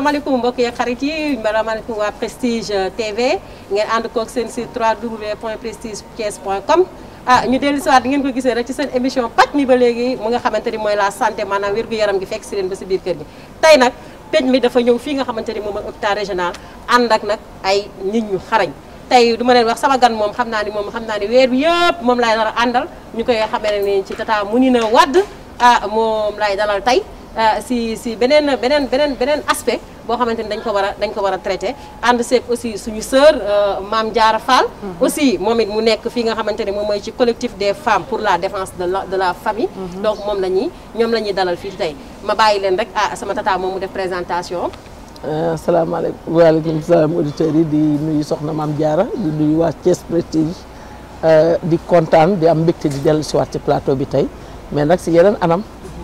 assalamualaikum mbokk ya xarit yi wa Prestige TV ngeen and ko sen si 3 prestige ah ñu dellu siwaat ngeen ko gisee rek ci sen émission pat ni ba légui mu nga xamanteni moy la santé maanaam wér yaram gi fekk ci len ba ci biir kër gi tay nak pej mi dafa ñew fi nga xamanteni mom ak hôpital régional and ak nak ay nit ñu xarañ tay duma len wax sama gan mom xamna ni mom xamna ni wër bi yépp mom lay dara andal àndal xamé ni ci tata mu ah mom lay dalal tay Euh, si si beneen beneen beneen beneen aspect boo xamante ni dañ ko war a dañ ko war a traité ànd seeg aussi suñu sœur euh, Maam jaara Fall. Mhm. aussi moom it mu nekk fii nga xamante ni moom mooy ci collectif des femmes pour la défense de la de la famille. Mhm. donc moom la ñoom la ñuy dalal fii tey ma bàyyi leen rek ah sama tata moom mu def présentation. Euh, asalaamaaleykum waaleykum salaam auditeurs yi di nuyu soxna Maam jaara di nuyu waa Thiès Prestige di kontaan di am mbégte di dellu si waat bi tey mais nag si yeneen anam.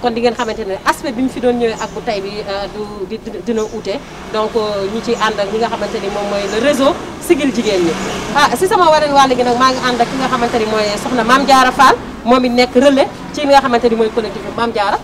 kon di ngeen xamante ne aspect bi mu fi doon ñëwee ak bu tey bi euh, du dina uute donc euh, ñu ci ànd ak ñi nga xamante ni moom mooy le réseau sigil jigéen ñi ah si sama wareen wàll gi nag maa ngi ànd ak ki nga xamante ni mooy soxna Mame Diarra Fall moom it nekk relais ci li nga xamante ni mooy collectif maam Mame Diarra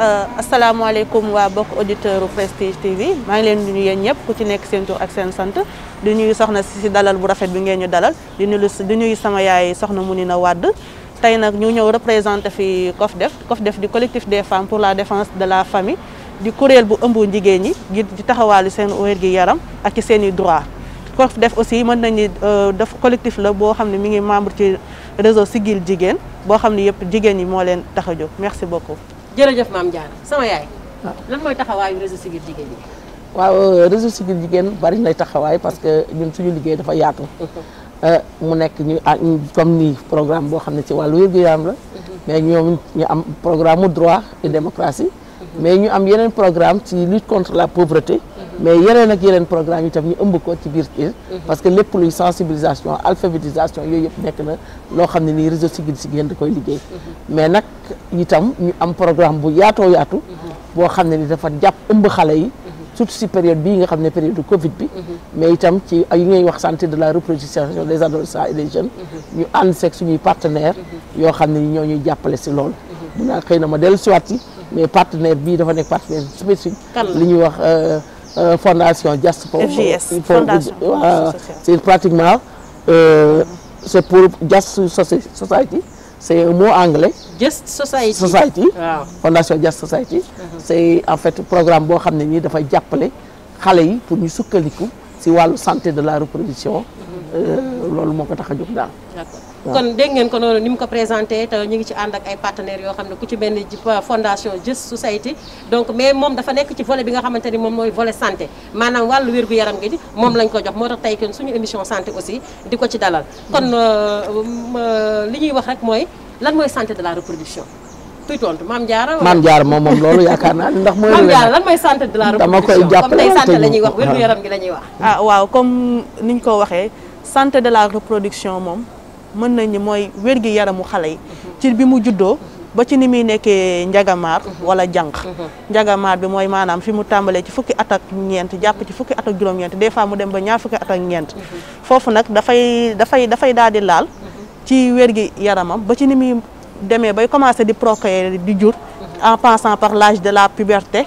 euh, asalaamaaleykum waa bokk auditeur u Prestige TV maa ngi leen di nuyu yéen ñëpp ku ci nekk seen ak seen sant di nuyu soxna si dalal bu rafet bi ngeen ñu dalal di nuyu di nuyu sama yaay soxna Mounina Wade tay nak ñu ñëw représenter fi COFDEF COFDEF di collectif des femmes pour la défense de la famille di courriel bu ëmb jigéen ñi ngir di taxawal seen wér gi yaram ak seen droit COFDEF aussi mën nañu euh, def collectif la bo xamni mi ngi membre ci réseau sigil Jigéen bo xamni yépp yëpp jigéen ñi leen tax merci beaucoup. jërëjëf maam Diarra sama yaay. Ah. lan mooy taxawaayu réseau sigil Jigéen yi. waaw euh, réseau sigil Jigéen bari lay taxawaay parce que ñun suñu liggéey dafa yaatu. Mhm. Euh, mu nekk ñu ah, comme nii programme boo xam ne ci wàllu wér-gu-yaram la mhm. mais ñoom ñu am programme mu droit et démocratie mhm. mais ñu am yeneen programme ci lutte contre la pauvreté mhm. mais yeneen ak yeneen programme itam ñu ëmb ko ci biir kii parce que lépp luy sensibilisation alphabétisation yooyu yëpp nekk na loo xam ne nii réseau Siggil Siggéen da koy liggéey mais nag itam ñu am programme bu yaatoo yaatu boo xam ne ni dafa jàpp ëmb xale yi surtout si période bii nga xam ne période Covid bi. Mhm. mais itam ci ay ngay wax santé de la reproduction des adolescents et des jeunes. Mhm. ñu ànd seeg suñuy partenaires. Mhm. yoo xam ne ñoo ñuy jàppale si loolu. dinaa xëy na ma dellusiwaat si. mais partenaire bii dafa nekk partenaire spécifique. li ñuy wax euh, euh, fondation Just for. FGS fondation waaw c'est pratiquement euh, c'est pour Just Society. c'est un mot anglais. Just Society Society. waaw fondation Just Society. Uh-huh. c'est en fait programme boo xam ne nii dafa jàppale xale yi pour ñu sukkandiku si wàllu santé de la reproduction. Uh-huh. Euh, loolu moo ko tax a jóg daal. kon dégg ngeen ko noonu ni mu ko présenté te ñu ngi ci ànd ak ay partenaires yoo xam ne ku ci mel ni fondation Just Society donc mais moom dafa nekk ci volet bi nga xamante ni moom mooy volet santé maanaam wàllu wér-gu-yaram gi moom lañ ko jox moo tax tey kon suñu émission santé aussi di ko ci dalal kon hmm. euh, euh, li ñuy wax rek mooy lan mooy santé la reproduction tontu maam Diarra maam Diarra moom moom loolu yaakaar naa ndax mooy maam Diarra lan mooy santé de la reproduction comme tey santé la ñuy wax wér-gu-yaram gi la ñuy wax ah waaw comme niñ ko waxee santé de la reproduction moom mën nañu mooy wér gi yaramu xale yi ci bi mu juddoo ba ci ni muy nekkee njagamaar wala janq njagamaar bi mooy maanaam fi mu tàmbalee ci fukki at ak ñeent jàpp ci fukki at ak juróom-ñeent des fois mu dem ba ñaar fukki at ak ñeent foofu nag dafay dafay dafay daal di laal ci wér gi yaramam ba ci ni muy demee bay commencé di procréer di jur en passant par lage de la puberté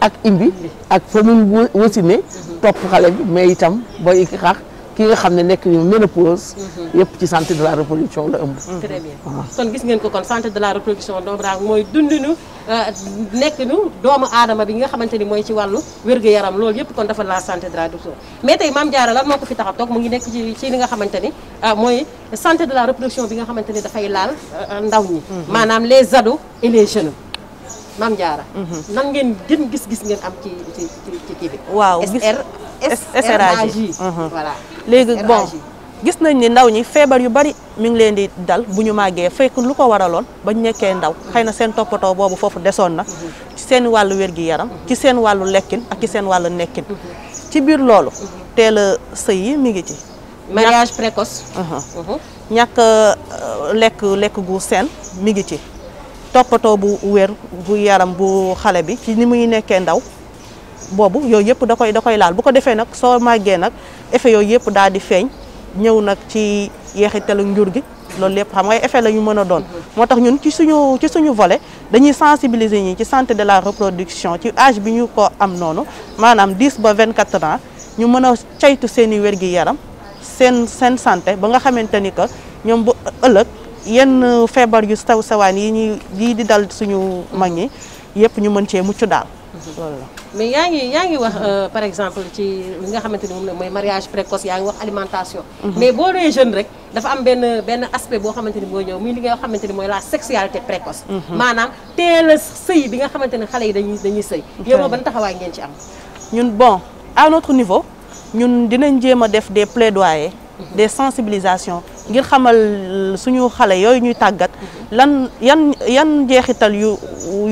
ak imbi ak fa mu wasine topp xale bi mais itam ba i xaar ki nga xam ne nekk ñu ménopause mhm. yëpp ci santé de la reproduction la ëmb mhm. très bien kon gis ngeen ko kon santé de la reproduction donc daal mooy dundinu euh, nekk nu doomu aadama bi nga xamante ni mooy ci wàllu wér-gu-yaram loolu yëpp kon dafa la santé de la reproduction mais tey Mame Diarra lan moo ko fi tax a toog mu ngi nekk ci ci li nga xamante ni euh, mooy santé de la reproduction bi nga xamante ni dafay laal euh, ndaw ñi mhm. maanaam les ados les jeunes maam Diarra. Mhm. nan ngeen gën gis-gis ngeen am ci ci ci kii waaw SR SRAG mhm. léegi bon gis nañ ni ndaw ñi feebar yu bari mi ngi leen di dal bu ñu màggee fekk lu ko waraloon ba ñu nekkee ndaw mhm. xëy na seen toppatoo boobu foofu desoon na ci seen wàllu wér-gi-yaram ci seen wàllu lekkin ak ci seen wàllu nekkin ci biir loolu teel a sëy yi mi ngi ci mariage précoce ñàkk euh, lekk lekk gu seen mi ngi ci toppatoo bu wér bu yaram bu xale bi ci ni muy nekkee ndaw boobu yooyu yëpp da koy da koy laal bu ko defee nag soo màggee nag effet yooyu yëpp daal di feeñ ñëw nag ci yeexitalu njur gi loolu lépp xam ngay effet la ñu mën a doon moo tax ñun ci suñu ci suñu volet dañuy sensibiliser ñi ci santé de la reproduction ci âge bi ñu ko am noonu maanaam 10 ba vingt 24 ans ñu mën a caytu seen i wér-gi-yaram seen seen santé ba nga xamante ni que ñoom bu ëllëg yenn feebar yu saw sawaan yi ñuy yi di dal suñu mag ñi yëpp ñu mën cee mucc daal loolu la mais yaa ngi yaa ngi wax euh, par exemple ci li nga xamante ni moom la mooy mariage précoce yaa ngi wax alimentation mhm. mais boo nee jeune rek dafa am benn benn aspect boo xamante ni mooy ñëw muy li nga xamante ni mooy la sexualité précoce mhm. maanaam te a sëy bi nga xamante ne xale yi dañuy dañuy sëy yow moom ban taxawaay ngeen ci am ñun bon à notre niveau ñun dinañ jéem a def des plaidoyers mhm. des sensibilisations ngir xamal suñu xale yooyu ñuy tàggat lan yan yan jeexital yu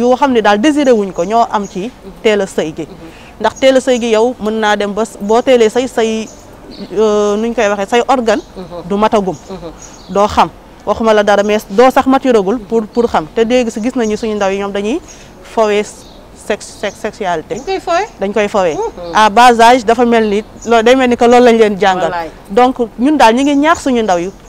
yoo xam ne daal désiré wuñ ko ñoo am ci teel a gi ndax teel a gi yow mën naa dem ba boo teelee say say euh, nuñ koy waxee say organe du matagum doo xam waxuma la dara mees doo sax maturagul pour pour xam te dégg gis nañu suñu ndaw yi ñoom dañuy fowee sex sexualité. dañ koy fowee dañ koy fowee. à basage dafa mel ni loolu day mel ni que loolu lañ leen jàngal. donc ñun daal ñu ngi ñaax suñu ndaw yi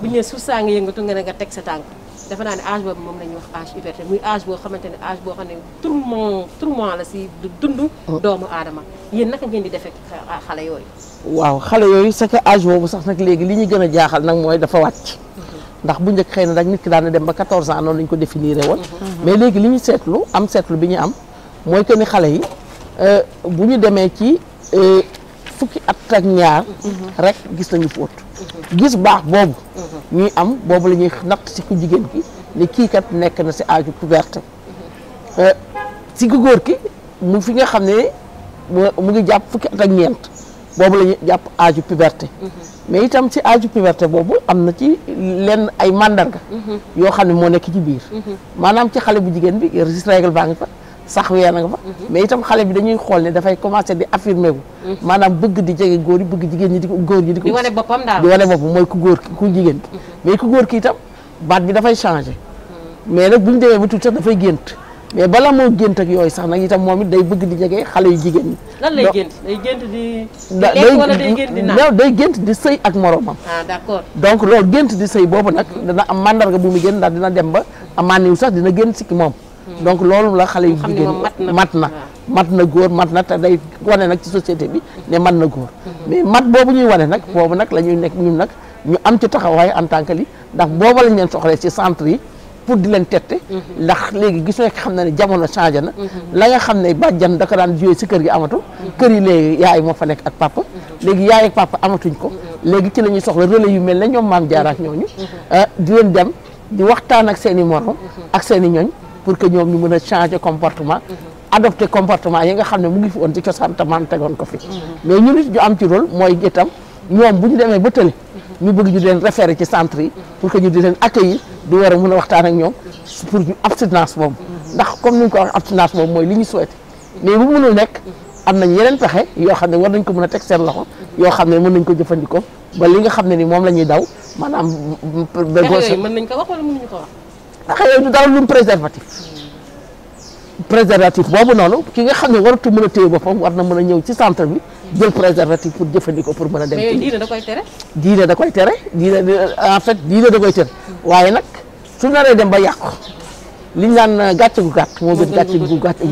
bu ñu nee suuf saa nga yëngatu nga ne nga teg sa tànk defe naa ne âge boobu moom la ñuy wax âge puberté muy âge boo xamante ne âge boo xam ne tourment tourment la si dund. Oh. doomu aadama yéen naka ngeen di defee xale yooyu. waaw xale yooyu c'est que âge boobu sax nag léegi li ñu gën a jaaxal nag mooy dafa wàcc. Mm-hmm. ndax bu njëkk xëy na nag nit ki daan na dem ba 14 ans noonu la ñu ko définir woon. Mm-hmm. mais léegi li ñu seetlu am seetlu bi ñu am mooy que ni xale yi euh, bu ñu demee ci euh, fukki at ak ñaar. Mm-hmm. rek nañu fóot. gis baax boobu mm-hmm. ñuy am boobu la ñuy natt si ku jigéen ki ne kii kat nekk na si aaju couverte si ku góor ki mu fi nga xam ne mu ngi jàpp fukki at ak ñeent boobu la ñuy jàpp aaju puberté mm-hmm. mais itam si aaju puberté boobu am na ci lenn ay mandarga mm-hmm. yoo xam ne moo nekk ci biir maanaam ci xale bu jigéen bi régis règle baa ngi fa sax weer nag nga mhm. mais itam xale bi dañuy xool ne dafay commencé di affirmer wu mhm. maanaam bëgg di jege góor yi bëgg jigéen ñi di góor ñi di ko di wane boppam daal di wane boppam mooy ku góor ki ku jigéen ki mhm. mais ku góor ki itam baat bi dafay changé mais nag bu ñu demee ba tuuti sax dafay gént mais bala moo gént yooyu sax nag itam moom it day bëgg di jege xale yu jigéen ñi. lan lay gént day gént di. lekk day gént di naan ak moroomam. ah d'accord donc loolu gént di sëy boobu nag. dana am mandarga bu mu génn dina dem ba. am niw sax dina génn sikki moom donc loolu la xale yu jigéen mat na mat na góor mat na te day wane nag ci société bi ne mat na góor mhm. mais mat boobu ñuy wane nag boobu nag la ñuy nekk ñun nag ñu am ci taxawaay en tant que li ndax booba lañ leen soxlee ci centre yi pour di leen tette mhm. ndax léegi gis nekk xam na ne jamono changé na mhm. la nga xam ne bàjjan daka daan jooy si kër gi amatu kër yi léegi yaay moo fa nekk ak papa léegi yaay ak papa amatuñ ko léegi ci lañuy soxla relais yu mel ne ñoom maam jaaraak ñooñu euh, di leen dem di waxtaan ak seen i morom ak ñooñ pour que ñoom ñu mën a changer comportement mhm. adopté comportement yi nga xam ne mu ngi fi woon ci cosaan te tegoon ko fi mhm. mais ñu nit ñu am ci rôle mooy itam ñoom bu ñu demee ba tële mhm. ñu bëgg ñu leen référé ci centre yi pour que ñu di leen accueillir di war a mën a waxtaan ak ñoom pour ñu abstinence boobu ndax comme ni ñu ko wax abstinence mooy li ñu souhaité mais am nañ yeneen pexe yoo xam ne war nañ ko mën a teg seen loxo yoo xam ne mën nañ ko jëfandikoo ba li nga xam ne ni moom la ñuy daw maanaam mën nañ ko xëy du dara lu préservatif préservatif boobu noonu ki nga xam ne waratu mën a téye boppam war na mën a ñëw ci centre bi jël préservatif pour jëfandikoo pour mën a dem. mais da koy tere. diine da koy tere diine en fait diine da koy tere waaye nag su naree dem ba yàqu li ñu naan euh, gàcce gu gàtt moo gën gàcce gu gàtt gu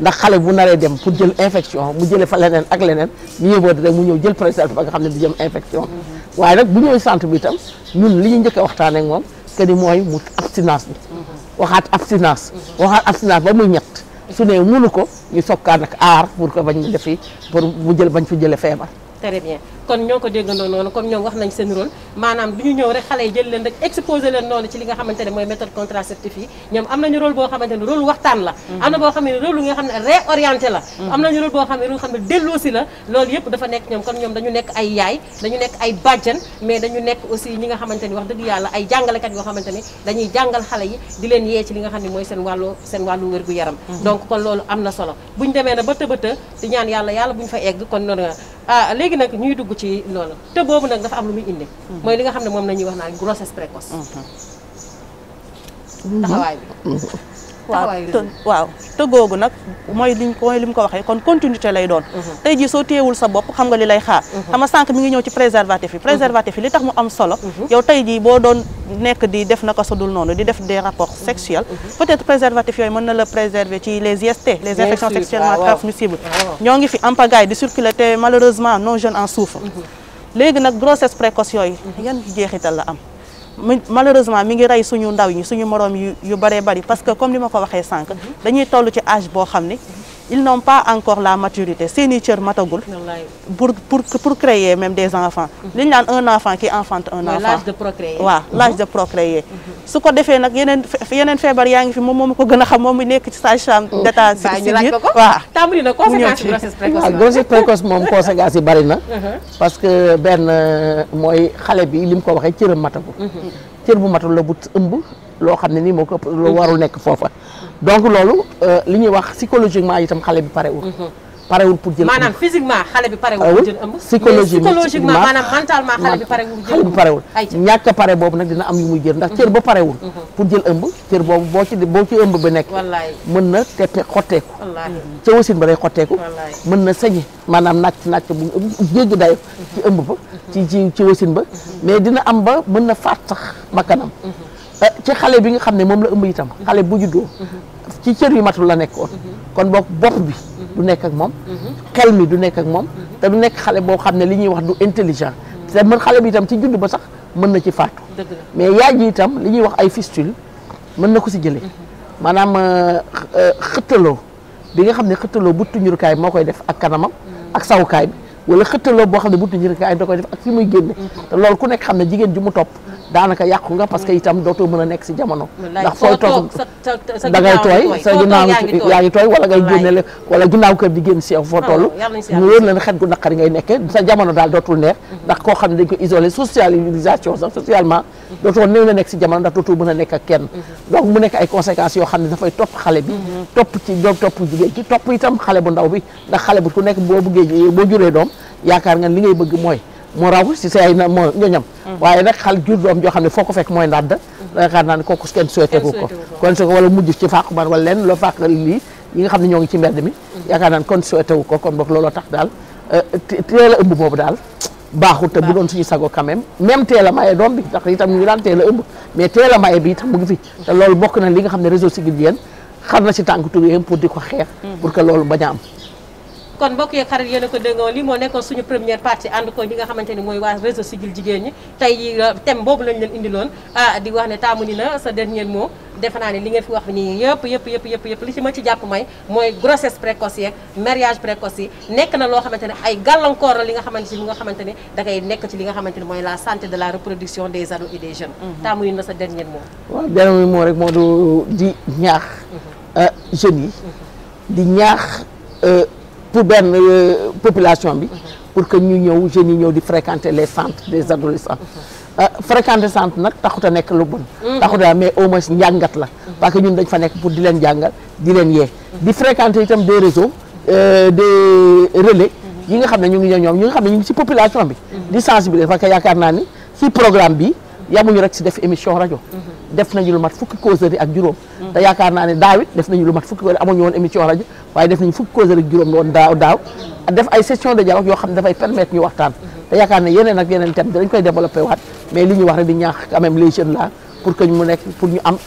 ndax xale bu naree dem pour jël infection mu jëlee fa leneen ak leneen ñu yóbboo rek mu ñëw jël préservatif ba nga xam ne du jëm infection mm-hmm. waaye nag bu ñëwee centre bi itam ñun li ñu njëkk a moom que ni mooy mu abstinence bi waxaat abstinence waxaat abstinence ba muy ñett su ne mënu ko ñu sokkaan ak aar pour ko bañ defi pour mu jël bañ fi jële feebar kon ñoo ko déggandoo noonu comme ñoom wax nañ seen rôle maanaam du ñu ñëw rek xale yi jël leen rek exposé leen noonu ci li nga xamante mooy méthode contraceptive yi ñoom am nañu rôle boo xamante ne waxtaan la mm-hmm. am na boo xam ne mm-hmm. boo xam dañuy jàngal xale yi di leen yee ci li nga xam ne mooy seen wàllu seen wàllu wérgu yaram mm-hmm. donc kon loolu am na solo buñ demee na bëta bëta di ñaan yàlla yàlla buñ fa egg kon noonu ah léegi nag ñuy ci loolu te boobu nag dafa am lu muy indi. Mhm. mooy li nga xam ne moom la ñuy wax naan grossesse précoce. Mhm. taxawaay bi. Mhm. waaw tëggoogu nag mooy liñ mooy li mu ko waxee kon continuité lay doon mhm. tey jii soo téyewul sa bopp xam nga li lay xaar mhm. xam nga sànq mi ngi ñëw ci préservatif yi préservatif yi li tax mu am solo mhm. yow tey jii boo doon nekk di def naka sodul noonu di def de rapports sexuels peut-être préservatif yooyu mën na la préserver ci les IST les infections sexuellement ah, transmissibles ah, ñoo ngi fi en pagaille di circuler te malheureusement nos jeunes en souffrent léegi nag grossesse précoce yooyu la am malheureusement mi ngi rey suñu ndaw ñi suñu moroom yu yu bëree bëri parce que comme ni ma ko waxee sànq mhm. dañuy toll ci âge boo xam ni mhm. ils n'ont pas encore la maturité seeni nature matagoul pour pour pour créer même des enfants. Il y a un enfant qui enfante un enfant. l'âge de procréer. waaw mhm. l'âge de procréer. Mhm. su ko defee nag yeneen yeneen feebar yaa ngi fi moom moom ko gën a xam moom mu ci sage-femme mm. d'état civil. waaw tàmbali na conséquence grossesse précoce. waaw grossesse précoce moom uh-huh. parce que ben mooy xale bi li mu ko waxee cëram matagul. Mhm. cër bu matul la bu ëmb. loo xam ne nii moo ko loo warul nekk foofa donc loolu euh, li ñuy wax psychologiquement itam xale bi parewul mhm. parewul pour jël maanaam physiquement xale bi parewul pour jël ëmb psychologiquement psychologiquement maanaam mentalement xale bi parewul xale bi parewul ñàkk a boobu nag dina am yu muy jël ndax cër ba mhm. Mhm. pour jël ëmb cër boobu boo ci boo ci ëmb bu nekk mën na teppe xotteeku ca wasin ba day xotteeku mën na sañe maanaam nàcc nàcc bu jéggi dayo ci ëmb ba ci ci ci wasin ba mais dina am ba mën na faat sax bakkanam Eh, ci xale bi nga xam ne moom la ëmb itam mhm. xale bu juddoo mhm. ci cër yu matul la nekkoon mhm. kon boog bopp bi du nekk ak moom xel mi du nekk ak moom te du nekk xale boo xam ne li ñuy wax du intelligent te mën xale bi ci judd ba sax mën na ci faatu mais yaay ji itam li ñuy wax ay fistule mën na ko si jëlee maanaam euh, euh, xëttaloo bi nga xam ne xëttaloo bu tuñurukaay moo koy def ak kanamam ak sawukaay bi wala xëttaloo boo xam ne bu tuñurukaay da koy def ak fi muy génne te lool ku nekk xam ne jigéen ju mu topp daanaka yàqu nga parce que itam dootoo mën a nekk si jamono ndax fooy toog da ngay tooy sa wala ngay génne wala ginnaaw kër di génn si yow foo ah, toll mu wóor la ne xet gu naqari ngay nekkee sa jamono daal dootul neex mhm. ndax koo xam ne dañ ko isolé socialisation sax socialement mhm. dootoo néew na nekk si jamono ndax dootoo mën a nekk ak kenn mhm. donc mu nekk ay conséquences yoo xam ne dafay topp xale bi topp ci doom topp topp itam xale bu ndaw bi ndax xale bu ku nekk boo bëggee boo juree doom yaakaar nga li ngay bëgg mooy mo raw si say na mo ñoñam mm. waye nak xal jur doom joo xam ne foo ko fekk da ndàdd mm. yaakaar naa ne kooku kenn ko kon su ko wala mujj ci faq man wala lenn loo fàq li yi nga xamne ñoo ngi ci mbedd mi mm. yaakaar naa ne kon souhaité wu ko kon bok lolo tax dal euh, teel eub bobu dal daal te bu doon suñu sago quand même même teel maye doom bi tax itam ñu daan teel mais teel maye bi tax mu ngi fi te bok na li nga xamne réseau Siggil Jigéen xar na si pour di ko pour que loolu baña am kon mbokk yeeg xarit yéen a ko déggoo li moo nekkoon suñu première partie ànd ko ñi nga xamante mooy waa réseau Siggil jigéen ñi tey yi euh, thème boobu lañ indiloon ah di wax ne taamu ni la sa naa ne li ngeen fi nii yëpp yëpp yëpp yëpp yëpp li ci ma ci jàpp may mooy grossesse nekk na loo xamante ne ay gàllankoor la li nga xamante ni nga xamante ne da nekk ci li nga xamante ne mooy la santé de la reproduction des mhm. waaw dernier mot rek moo du di ñaax mhm. euh, jeunes yi mhm. di ñaax euh, pour benn euh, population bi pour que ñu ñëw jeune yi ñëw di fréquenter les centres des adolescents euh, fréquenter centre nag taxuta nekk lu bon mhm. taxuta mais au moins njàngat la parce que ñun dañ fa nekk pour di leen jàngal di leen yee di fréquenter itam des réseaux euh, des relais yi nga xam ne ñu ngi ñëw ñoom ñi nga xam ci population bi mhm. di sensibiliser parce que yaakaar naa ni ci programme bi yamuñu rek ci def émission rajo mhm. def nañu lu mat fukki causerie ak juróom te yaakaar naa ne daawit def nañu lu mat fukki wala amuñu woon émission rajo waaye def nañu fukki causes rek juróom woon daaw daaw def ay session de dialogue yoo xam ne dafay permettre ñu waxtaan te yaakaar ne yeneen ak yeneen thème dañ koy développé waat mais li ñu wax rek di ñaax quand même les jeunes là pour que mu nekk pour ñu am euh,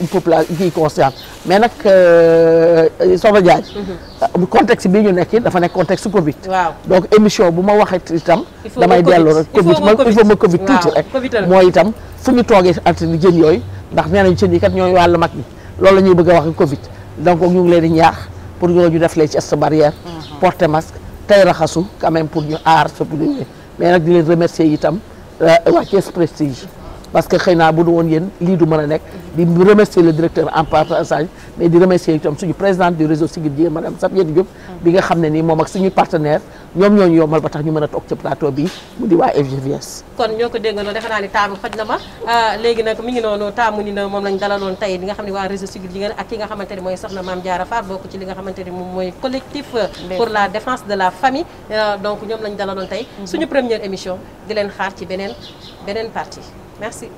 mhm. bii ñu nekk dafa nekk contexte Covid. waaw donc émission bu ma waxee itam. damay dellu rek Covid il faut ma Covid tuuti rek. mooy itam fu ñu toogee at jën yooyu ndax nee nañu jën yi kat ñooy wàllu loolu la ñuy bëgg a wax Covid donc ñu ngi leen di ñaax pour ñooñu def lee ci geste barrière mhm. porter masque tey raxasu quand même pour ñu aar sa pudñe mais nag di leen remercier itam euh, waa Thiès Prestige parce que xëy naa bu du woon yéen lii du mën a nekk di remercier le directeur en passage mais di remercier itam suñu président du réseau Sigid Dieng madame Sabiène Diop bi nga xam ne nii moom ak suñu partenaire ñoom ñooñu yombal ba tax ñu mën a toog ci plateau bi mu di waa FGVS kon ñoo ko déggandoo defe naa ni taamu xaj na ma ah, léegi nag mu ngi noonu taamu ni na moom lañ dalaloon tey li nga xam ne waa réseau civil yi ngeen ak ki nga xamante ni mooy soxna Mame Diarra Far bokk ci li nga xamante moom mooy collectif pour la défense de la famille ah, donc ñoom lañ dalaloon tey mm-hmm. suñu première émission di leen xaar ci beneen beneen partie merci